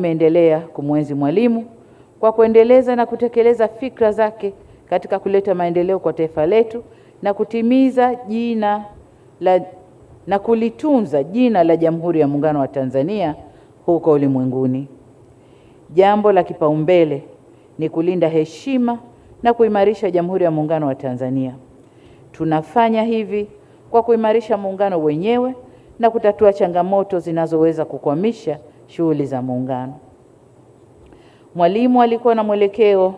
Tumeendelea kumwenzi Mwalimu kwa kuendeleza na kutekeleza fikra zake katika kuleta maendeleo kwa taifa letu na kutimiza jina la, na kulitunza jina la Jamhuri ya Muungano wa Tanzania huko ulimwenguni. Jambo la kipaumbele ni kulinda heshima na kuimarisha Jamhuri ya Muungano wa Tanzania. Tunafanya hivi kwa kuimarisha muungano wenyewe na kutatua changamoto zinazoweza kukwamisha shughuli za Muungano. Mwalimu alikuwa na mwelekeo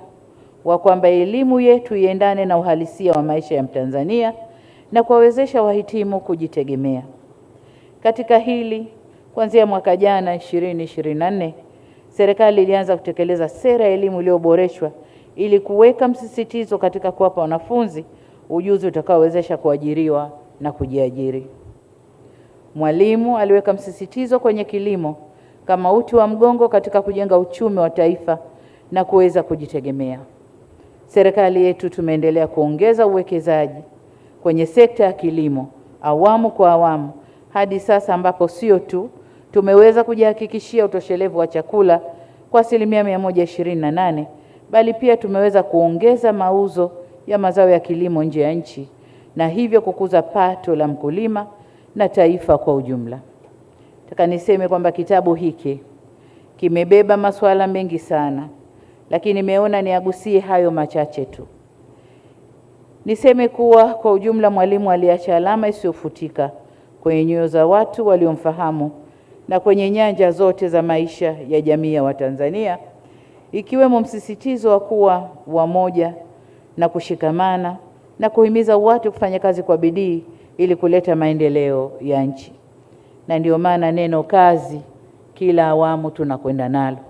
wa kwamba elimu yetu iendane na uhalisia wa maisha ya Mtanzania na kuwawezesha wahitimu kujitegemea. Katika hili, kuanzia mwaka jana 2024 serikali ilianza kutekeleza sera ya elimu iliyoboreshwa ili kuweka msisitizo katika kuwapa wanafunzi ujuzi utakaowezesha kuajiriwa na kujiajiri. Mwalimu aliweka msisitizo kwenye kilimo kama uti wa mgongo katika kujenga uchumi wa taifa na kuweza kujitegemea. Serikali yetu tumeendelea kuongeza uwekezaji kwenye sekta ya kilimo awamu kwa awamu hadi sasa ambapo sio tu tumeweza kujihakikishia utoshelevu wa chakula kwa asilimia 128 bali pia tumeweza kuongeza mauzo ya mazao ya kilimo nje ya nchi na hivyo kukuza pato la mkulima na taifa kwa ujumla. Nataka niseme kwamba kitabu hiki kimebeba masuala mengi sana, lakini nimeona niagusie hayo machache tu. Niseme kuwa kwa ujumla, Mwalimu aliacha alama isiyofutika kwenye nyoyo za watu waliomfahamu na kwenye nyanja zote za maisha ya jamii ya Watanzania, ikiwemo msisitizo wa kuwa wamoja na kushikamana na kuhimiza watu kufanya kazi kwa bidii ili kuleta maendeleo ya nchi na ndio maana neno kazi kila awamu tunakwenda nalo.